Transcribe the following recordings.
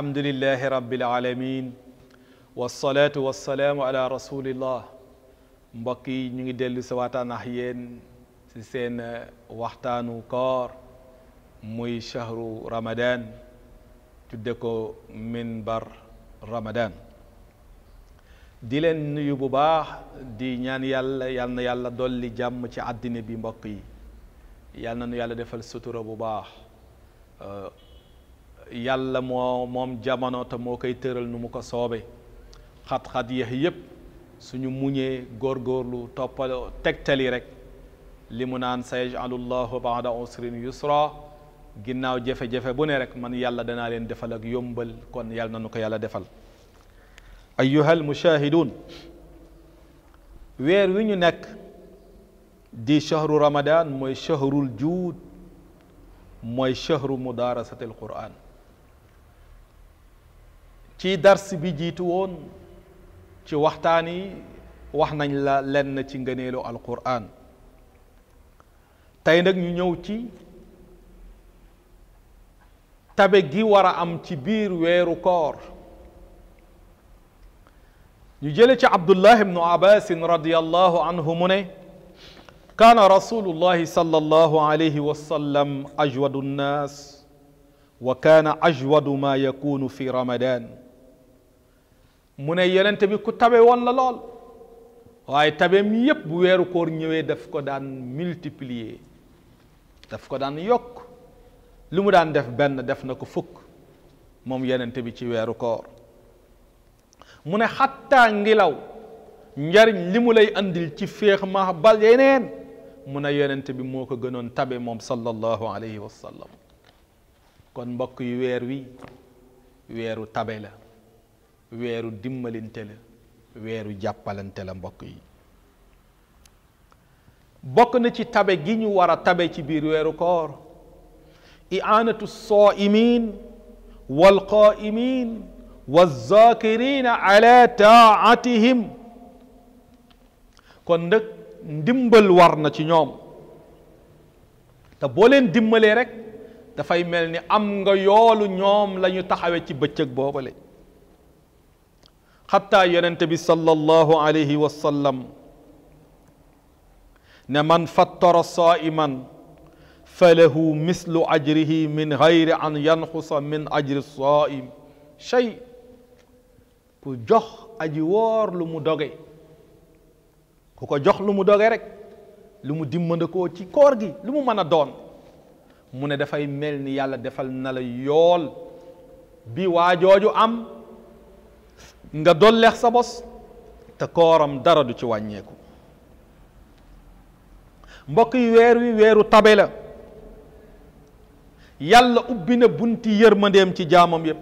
الحمد لله رب العالمين wasalaatu wasalaamu ala rasulillah mbokk yi ñu ngi dellu si waxtaan ak yéen si seen waxtaanu koor muy shahru ramadan tudde ko minbar ramadan di leen nuyu bu baax di ñaan yàlla yal na yàlla dolli jàmm ci àddina bi mbokk yi yal na nu yàlla defal sutura bu baax yàlla moo moom jamono te moo koy tëral nu mu ko soobee xat-xat yeex yépp suñu muñee góorgóorlu toppal tegtali rek li mu naan sayaj'alu llahu ba'da usrin yusra ginnaaw jafe-jafe bu ne rek man yàlla danaa leen defal ak yombal kon yàlla nanu ko yàlla defal ayuha almushahidun weer wi ñu nekk di chahru ramadan mooy chahrul juud mooy chahru mudarasati alquran ci dars bi jiitu woon ci waxtaan yi wax nañ la lenn ci ngëneelu alquran tey nag ñu ñëw ci tabe gi war a am ci biir weeru koor ñu jële ci abdullah ibnu abbasin radiallahu anhu mu ne كان رسول الله صلى الله عليه وسلم اجود الناس وكان اجود ما يكون في رمضان mune ne yonent bi ku tabe won la waye tabe mi yeb bu weeru koor ñëwé daf ko daan multiplier daf ko daan yok lu mu daan def ben def na ko fukk moom yonent bi ci weeru koor mune hatta ngilaw njariñ li mu lay andil ci féex ma bal yeneen mune ne yonent bi moko gënon tabe mom sallallahu alayhi wasallam kon mbokk yu weer wi wéru tabe la weeru dimbalante la weeru jàppalante la mbokk yi bokk na ci tabe gi ñu war a tabe ci biir weeru koor i'anatu saimin walqaimin wazakirina ala taatihim kon nag ndimbal war na ci ñoom te boo leen dimbalee rek dafay mel ni am nga yoolu ñoom la ñu taxawee ci bëccëg boobale حتى ينتبه صلى الله عليه وسلم نمن فطر صائما فله مثل اجره من غير ان ينقص من اجر الصائم شيء كو جخ اجوار لو مو دوغي كوكو جخ لو مو دوغي رك لو مو ديمندكو تي كورغي لو مو مانا دون مو ني دافاي ملني يالا ديفال نالا يول بي واجوجو ام nga dolleex sa bos te kooram dara du ci wàññeeku mbokk yi weer wi weeru tabe la yàlla ubbi na bunt yërmandeem ci jaamam yépp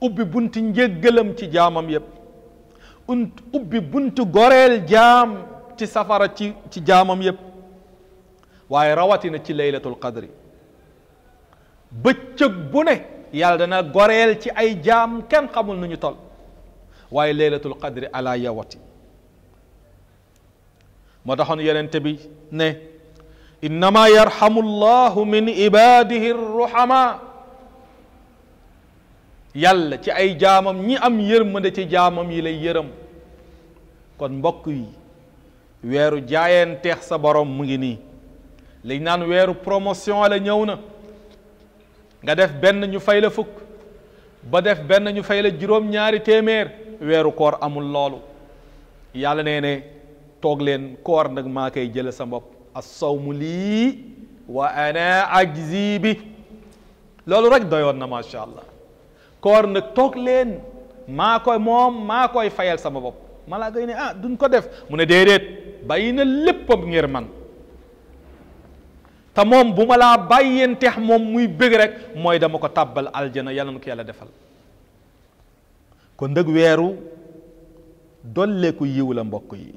ubbi bunti njëggalam ci jaamam yépp ubbi bunti goreel jaam ci safara ci jaamam yépp waaye rawatina ci laylatul qadri bëccëg bu ne yàlla dana goreel ci ay jaam kenn xamul nu ñu tol waye laylatul qadri ala yawati mo taxone yenente bi ne innama yarhamu llahu min ibadihi ruhama yàlla ci ay jaamam ñi am yërmande ci jaamam yi lay yërëm kon mbokk yi weeru jaayanteex sa borom mu ngi ni liñ naan wéru promotion la ñëw na nga def benn ñu fay la fukk ba def benn ñu fay la juróom ñaari téeméer weeru koor amul loolu yàlla nee ne toog leen koor nag maa koy jële sa bopp as-sawmu lii wa ana ajzi bi loolu rek doyoon na macha allah koor nag toog leen maa koy moom maa koy fayal sama bopp malaa yi ne ah duñ ko def mu ne déedéet bàyyi na léppam ngir man te moom bu ma laa bàyyeen teex moom muy bëgg rek mooy dama ko tàbbal aljana yàlla na ko defal ko ndëg weeru dolleeku yiw la mbokk yi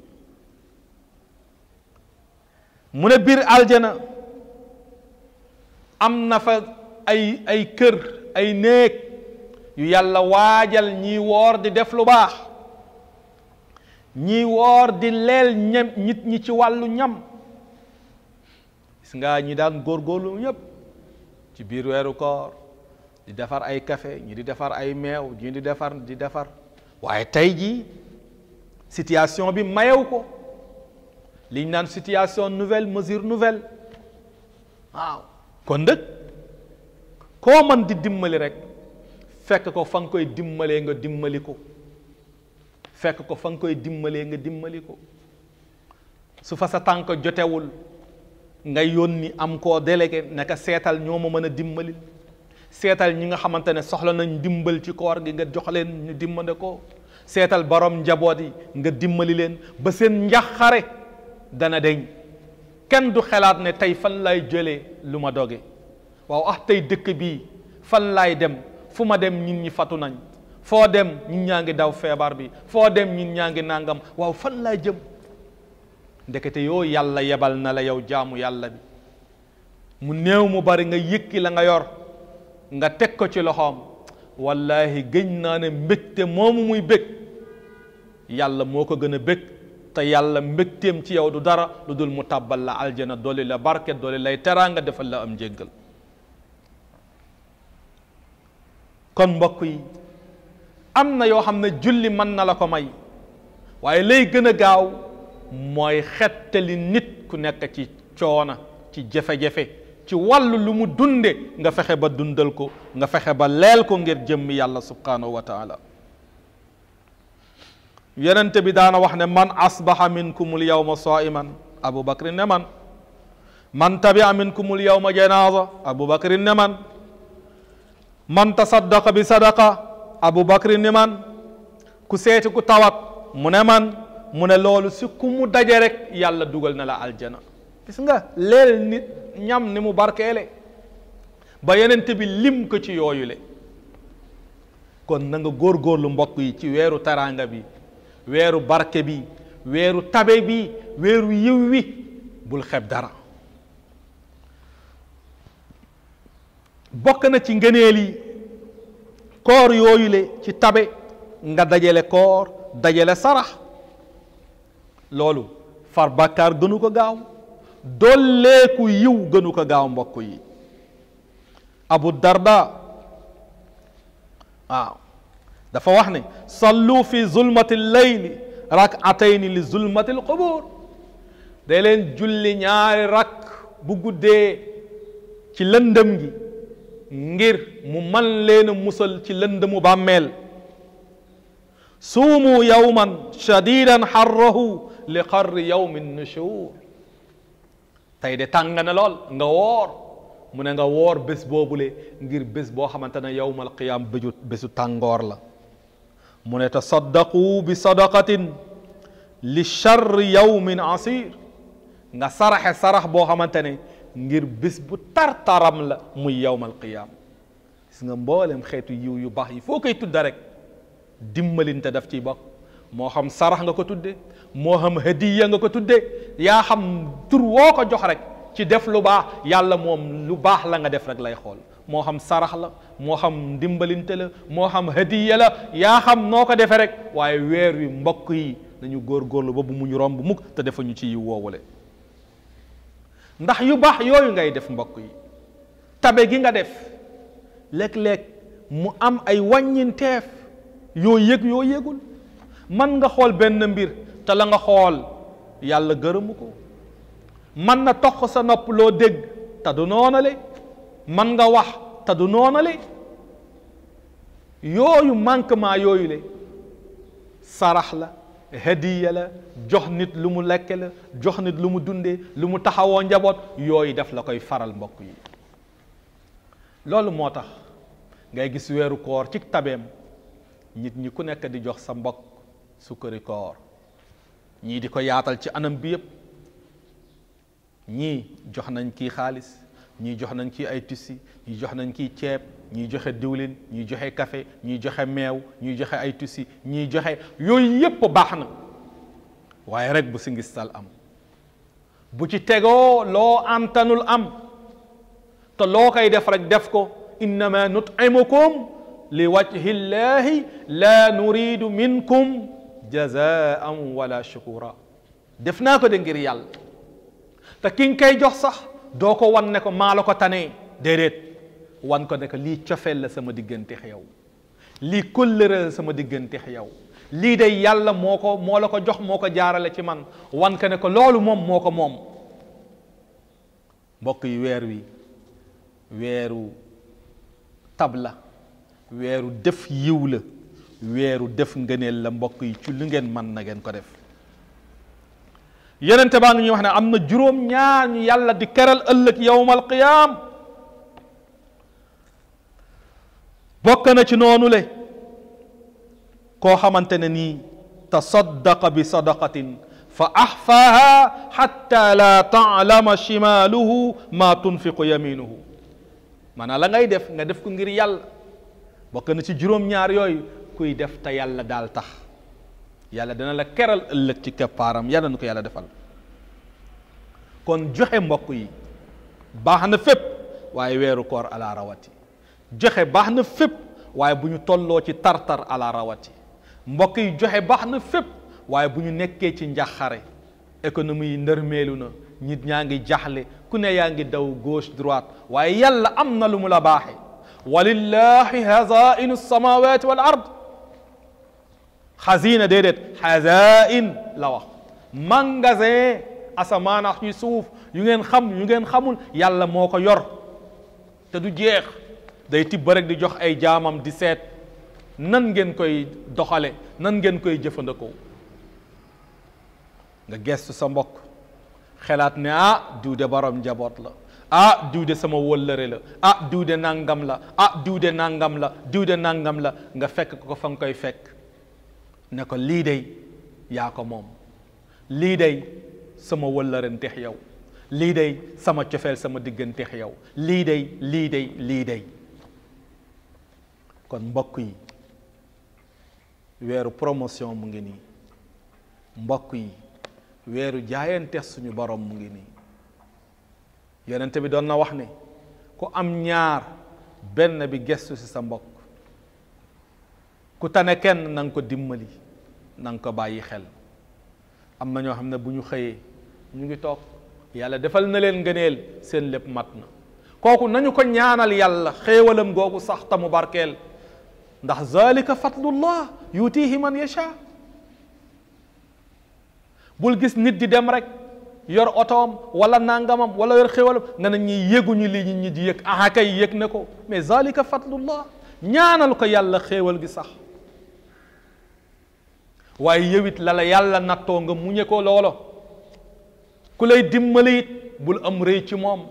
mu ne biir aljana am na fa ay ay kër ay néeg yu yàlla waajal ñiy woor di def lu baax ñiy woor di leel ñam nit ñi ci wàllu ñam gis ngaa ñi daan góorgóorlu ñépp ci biir weeru koor di defar ay kafe ñi di defar ay meew ñi di defar di defar waaye tey jii situation bi mayew ko liñ naan situation nouvelle mesure nouvelle waaw kon dëkk koo man di dimbali rek fekk ko fa nga koy dimbalee nga dimbali ko fekk ko fa nga koy dimbalee nga dimbali ko su fa sa tànk jotewul nga yónni am koo délégué naka seetal ñoo ma mën a dimbali seetal ñi nga xamante ne soxla nañ dimbal ci koor gi nga jox leen ñu dimbale ko seetal boroom njaboot yi nga dimbali leen ba seen njaxare dana deñ kenn du xalaat ne tey fan lay jëlee lu ma doge waaw ah tey dëkk bii fan laay dem fu ma dem ñin ñi fatu nañ foo dem ñin ñaa ngi daw feebar bi foo dem ñin ñaa ngi nàngam waaw fan laay jëm ndekete yoo yàlla yebal na la yow jaamu yàlla bi mu néew mu bari nga yëkki la nga yor nga tek ko ci loxom wallahi gëñ na ne mbekté momu muy bég yàlla moko gëna gën a te yàlla mbektem ci yow du dara lu dul mu la aljana doli la barke doli lay teranga defal la am jéggal kon mbokk yi am na yoo xam ne julli man na la ko may waaye lay gën a gaaw mooy xettali nit ku nekk ci coona ci jafe-jafe ci walu lu mu dunde nga fexe ba dundal ko nga fexe ba lél ko ngir jëm yàlla subhanahu wa taala yonente bi daana wax ne man asbaha minkumul yawma saiman abu bakrin ne man man tabia minkumul yawma janaza abu bakrin ne man man tasaddaqa bi sadaqa abu bakrin ne man ku seeti ku tawat mu ne man mu ne loolu si ku mu daje rek yàlla dugal na la aljana gis nga leel nit ñam ni mu barkeele ba yenente bi lim ko ci yooyule le kon na góor góorgóorlu mbokk yi ci weeru taraanga bi weeru barke bi weeru tabe bi weeru yiw wi bul xeb dara bokk na ci ngëneel yi koor yooyu ci tabe nga dajale koor dajale sarax loolu far bàkkaar gënu ko gaaw dolleeku yiw gënu ko gaaw mbokk yi abu darda waaw dafa wax ne sallu fi zulmati leyli rakatayni li zulmati lqubur day leen julli ñaari rak bu guddee ci lëndëm gi ngir mu man leen musal ci lëndëmu bàmmeel suumu yawman shadidan xarrahu li xarri yawmi nushur tay de tàng na lol nga wor mu ne nga wor bés bobule ngir bés bo xamantene yawmal qiyam bejut bésu tangor la mu ne tasaddaqu bi sadaqatin li shar yawmin asir nga sarah sarah bo xamantene ngir bés bu tartaram la mu yawmal qiyam gis nga mbolem xetu yu yu bax yi fokay tudda rek dimbalinte daf ci bok moo xam sarax nga ko tudde moo xam hadiya nga ko tudde yaa xam tur woo ko jox rek ci def lu baax yàlla moom lu baax la nga def rek lay xool moo xam sarax la moo xam ndimbalinte la moo xam hadiya la yaa xam noo ko defee rek waaye weer wi mbokk yi nañu góorgóorlu ba bu mu ñu romb mukk te defa ñu ci yi woowule ndax yu baax yooyu ngay def mbokk yi tabe gi nga def léeg-léeg mu am ay wàññinteef yoo yëg yoo yëgul man nga xool benn mbir te la nga xool yàlla gërëmu ko man na toq sa nopp loo dégg te du noonale man nga wax te du noonale yooyu manquement yooyu le sarax la hadiya la jox nit lu mu lekke la jox nit lu mu dunde lu mu taxawoo njaboot yooyu def la koy faral mbokk yi loolu moo tax ngay gis weeru koor ci tabeem nit ñi ku nekk di jox sa mbokk sukkari koor ñii di ko yaatal ci anam bi yépp ñii jox nañ kii xaalis ñii jox nañ kii ay tissi ñii jox nañ kii ceeb ñii joxe diwlin ñii joxe café ñii joxe meew ñii joxe ay tissi ñii joxe yooyu yépp baax na waaye rek bu si am bu ci tegoo loo antanul am te loo koy def rek def ko innama nutimukum li wajhi llahi la nuridu minkum جزاء ولا شكورا دفناكو دنجر يال تا كين كاي جوخ صح دوكو وان نكو مالوكو تاني ديريت وان كو نكو لي تشفل لا سما ديغنتي خياو لي كولر لا سما ديغنتي خياو لي دي يالا موكو مولاكو جوخ موكو جارالا سي مان وان كو نكو لولو موم موكو موم بوك وي ويرو ويرو تابلا ويرو ديف يولا weeru def ngëneel la mbokk yi ci lu ngeen man na ngeen ko def yenente baa ngi ñuy wax ne am na juróom ñaar ñu yàlla di keral ëllëg yowmal qiyaam bokk na ci noonu le koo xamante ne nii tasaddaqa bi sadaqatin fa ahfaaha xatta la taalama shimaaluhu ma tunfiqu yaminuhu maanaam la ngay def nga def ko ngir yàlla bokk na ci كوي دف تا يالا دال تخ يالا دنا لا كيرال ألك تي كفارم يالا نكو يالا دفال كون جوخي مبوكي باخنا فيب واي ويرو كور على رواتي جوخي باخنا فيب واي بونيو تولو تي تارتار على رواتي مبوكي جوخي باخنا فيب واي بونيو نيكي تي نجاخاري ايكونومي نرميلونا نيت نياغي جاخلي كو ني ياغي داو غوش دروات واي يالا امنا لوم لا باخي ولله هزائن السماوات والارض خزينة ديدت خزائن la wax magasin asamaan ak ñu suuf yu ngeen xam yu ngeen xamul yàlla moo ko yor te du jeex day tibb rek di jox ay jaamam di seet nan ngeen koy doxale nan ngeen koy jëfandikoo nga gestu sa mbokk xelaat ne ah diw de borom njaboot la ah diw de sama wëllëre la ah diw de nangam la ah diw de nangam la diw de nangam la nga fekk ko fa nga koy fekk ne ko lii day yaa ko moom lii day sama wëllëranteex yow lii day sama cofeel sama digganteex yow lii day lii day lii day kon mbokk yi weeru promotion mu ngi nii mbokk yi weeru jaayante suñu borom mu ngi nii yonent bi doon na wax ne ku am ñaar benn bi gestu ci sa mbokk ku tane kenn na ko dimmali na ko bàyyi xel am na ñoo xam ne bu ñu xëyee ñu ngi toog yàlla defal na leen ngëneel seen lépp mat na kooku nañu ko ñaanal yàlla xéewalam googu sax ta mu barkeel ndax zalika fadlullah yutihi man yasha bul gis nit di dem rek yor otoom wala nangamam wala yor xéewalam nga ne ñi yéguñu li nit ñi di yëg aha kay yëg na ko mais zalika fadlullah ñaanal ko yàlla xéewal gi sax waaye yow it la la yàlla nattoo nga muñe ko loolo ku lay dimbali it bul am rëy ci moom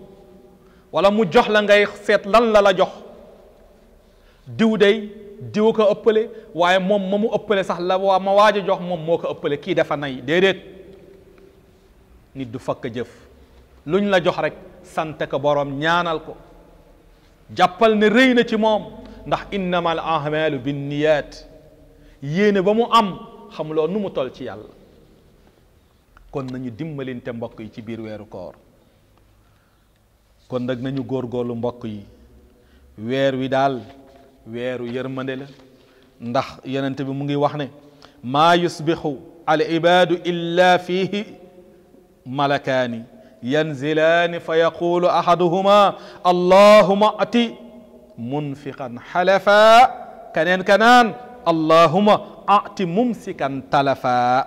walla mu jox la ngay seet lan la la jox diw day diw ko ëppale waaye moom ma mu ëppale sax la waa ma waaj a jox moom moo ko ëppale kii dafa nay déedéet nit du fakk jëf luñ la jox rek sant ko boroom ñaanal ko jàppal ne rëy na ci moom ndax innamal a'malu binniyat yéene ba mu am xamuloo nu mu tol ci yàlla kon nañu dimbalinte mbokk yi ci biir weeru koor kon nag nañu góorgóorlu mbokk yi weer wi daal weeru yërmande la ndax yonent bi mu ngi wax ne maa yusbixu al ibaadu illa fihi malakaani ينزلان فيقول احدهما اللهم ات منفقا حلفا كنان كنان اللهم ati mumsikan talafa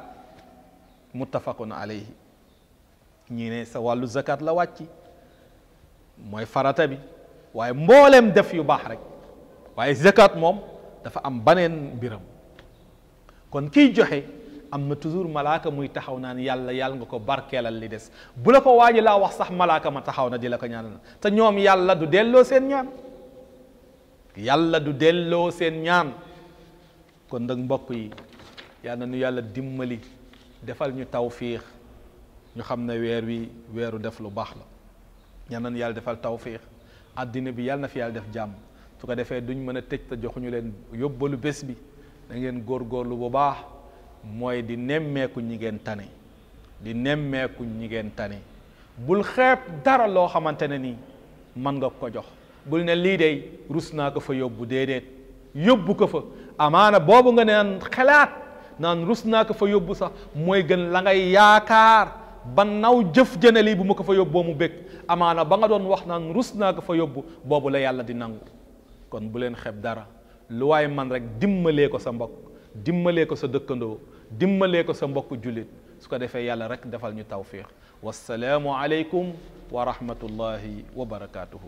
muttafaqun alayhi ñi ne sa wàllu zakat la wàcc mooy farata bi waaye mbooleem def yu baax rek waaye zakat moom dafa am baneen biram kon kii joxe am na toujours malaaka muy taxaw naan yàlla yàlla nga ko barkeelal li des bu la ko waaji laa wax sax malaaka ma taxaw na di la ko ñaanal te ñoom yàlla du delloo seen ñaan du delloo seen ñaan kon nag mbokk yi yal na nu yàlla dimbali defal ñu tawfiix ñu xam ne weer wi weeru def lu baax la yal na nu yàlla defal tawfiix àddina bi yàlla na fi yàlla def jàmm su ko defee duñ mën a tëj te joxuñu leen yóbbalu bés bi da ngeen góorlu bu baax mooy di nemmeeku ñi ngeen tane di nemmeeku ñi ngeen tane bul xeeb dara loo xamante ne ni mën nga ko jox bul ne lii de rus naa ko fa yóbbu déedéet yóbbu ko fa amaana boobu nga neen xalaat naan rus naa ko fa yóbbu sax mooy gën la ngay yaakaar ba naw jëf jëne lii bu ma ko fa yóbboo mu bég amaana ba nga doon wax naan rus naa ko fa yóbbu boobu la yàlla di nangu kon bu leen xeb dara lu waay man rek dimbalee ko sa mbokk dimbalee ko sa dëkkandoo dimbalee ko sa mbokk jullit su ko defee yàlla rek defal ñu tawfiq wassalaamu aleykum wa rahmatullahi wa barakatuhu